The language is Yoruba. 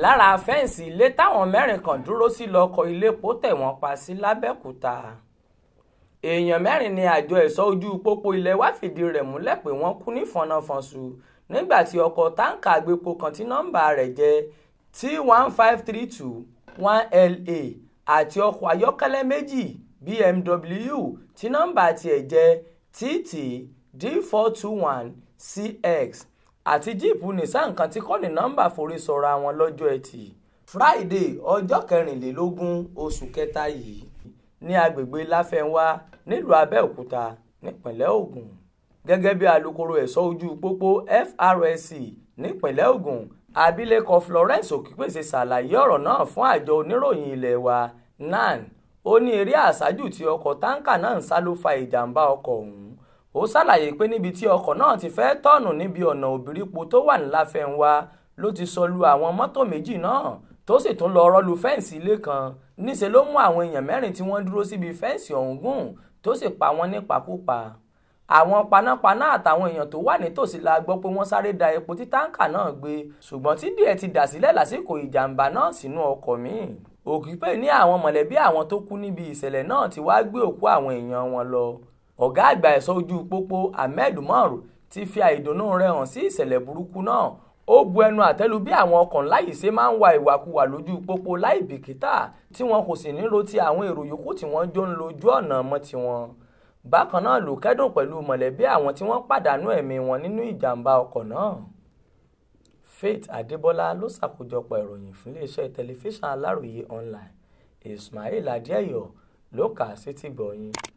lára fẹ́ǹsì ilé táwọn mẹ́rin kan dúró sí lọ́kọ̀ iléepo tẹ̀ wọ́n pa sí lábẹ́òkúta èèyàn mẹ́rin ni àjọ ẹ̀ṣọ́ ojú pópó ilẹ̀ wá fìdí rẹ̀ múlẹ̀ pé wọ́n kú ní fọnàfọ̀nsù nígbà tí ọkọ̀ táǹkà àgbépo kan tí nọ́mbà rẹ̀ jẹ́ t one five three two one la àti ọkọ̀ ayọ́kẹ́lẹ́ méjì bmw tí nọ́mbà tiẹ̀ jẹ́ tt d four two one cx àti jíìpù nissan kan tí kò ní nọ́mbà forí sọra wọn lọ́jọ́ ẹtì friday ọjọ́ kẹrìnlélógún oṣù kẹta yìí ní agbègbè láfẹnwá nílùú abẹ́òkúta nípínlẹ̀ ògùn gẹ́gẹ́ bí alukoro ẹ̀ṣọ́ ojú pópó FRSC nípínlẹ̀ ògùn abilékọ Florence Òkípèsè ṣàlàyé ọ̀rọ̀ náà fún àjọ oníròyìn ilé wa nan ó ní eré àṣájù tí ọkọ̀ táǹkà náà ń sá ló fa ìjàmbá ọkọ̀ ọ̀hún ó ṣàlàyé pé níbi tí ọkọ̀ náà ti fẹ́ tọ́ọ̀nù níbi ọ̀nà òbírípo tó wà ní Láfẹnwá ló ti sọlu àwọn mọ́tò méjì náà tó sì tún lọ rọ́lu fẹ́ǹsì ilé kan níṣẹ́ ló mú àwọn èèyàn mẹ́rin tí wọ́n dúró síbi fẹ́ǹsì ọ̀hún gùn tó sì pa wọ́n nípakúpa àwọn panápaná àtàwọn èèyàn tó wà nítòsí la gbọ́ pé wọ́n sáré da epo tí táǹkà náà gbé ṣùgbọ́n tí díẹ̀ ti dà sílẹ̀ lásìkò ìjàmbá náà sínú ọkọ̀ míì òkìpè ní àwọn mọ̀lẹ́bí àwọn tó kú níbi ìṣẹ̀lẹ̀ náà ti wá gbé òkú àwọn èèyàn wọn lọ ọ̀gá àgbà ẹ̀ṣọ́ ojú pópó ahmed umar ti fi àìdùnnú rẹ̀ hàn sí ìṣẹ̀lẹ̀ burúkú náà ó bu ẹnu àtẹ́lu bí àwọn ọkọ̀ ńlá yìí ṣe máa ń wa ìwàkuwà lójú pópó láì bìkítà tí wọn kò sì ní ro ti àwọn èrò yòókù tí wọ́n jọ ń lo ojú ọ̀nà mọ́ tiwọn bákan náà ló kẹ́dùn pẹ̀lú mọ̀lẹ́bí àwọn tí wọ́n pàdánù ẹ̀mí wọn nínú ìjàmbá ọkọ̀ náà Faith Adébọ́lá ló ṣàkójọpọ̀ ìròyìn fún iléeṣẹ́ tẹlifíṣàn Aláròye online Ismail Adéyọ̀ ló kà á sétí gbọ̀nyìn.